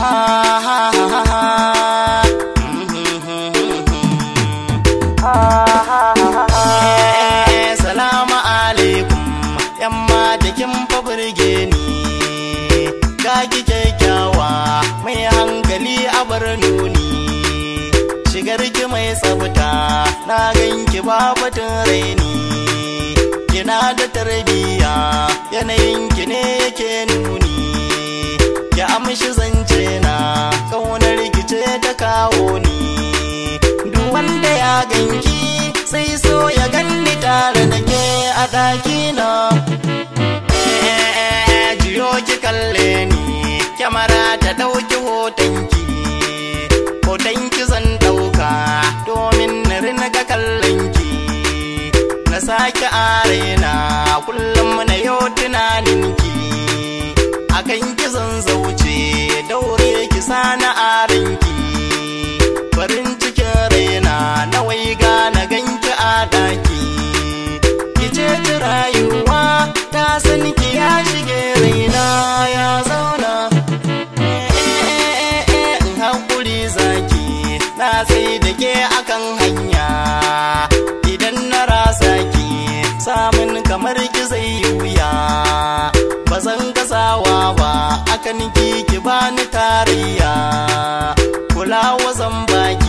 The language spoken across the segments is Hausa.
Salamu alaikum, yamma jikin fabirge ni, gagi kyakkyawa mai hankali a nuni. Shigar ki mai tsafta na ganki babatun raini, kina da tarbiyya yanayin ki ne yake nuni, ya amshi zan yawo ni duk wanda ya ganki sai so ya ganni tare da ke a ɗaki na jiyo ki kalle ni kyamara ta ɗauki hotonki hotonki zan ɗauka domin na ringa kallon ki na sake arena kullum na yau tunaninki akan ki zan zauce ce ta rayuwa ta san ki ya shige raina ya zauna eh, in zaki na sai da ke akan hanya idan na rasa ki samun kamar ki zai wuya ba zan gazawa ba akan ki ki bani tarayya kulawa zan baki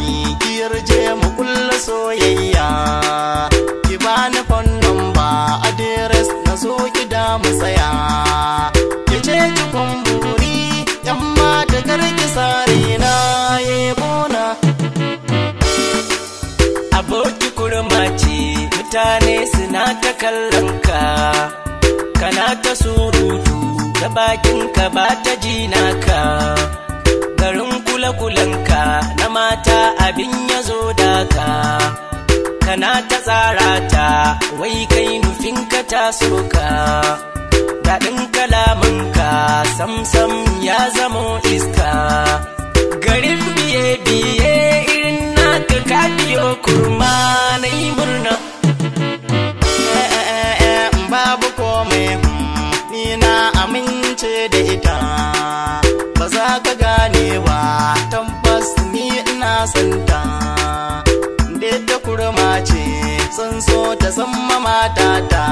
za mu tsaya ki ce ki kumburi yan mata karki sare na yebona aboki kurmaci mutane suna ta kallon ka kana ta surutu da bakinka ba ta jina ka garin kula-kulanka na mata abin ya zo da kana ta tsara ta wai kai nufin ka ta soka daɗin kalamanka samsam ya zamo iska garin biye-biye irin na ka biyo kurma na yi murna babu komai ni na amince da ita ba za ka ganewa tabbas ni ina santa san so ta san mamata ta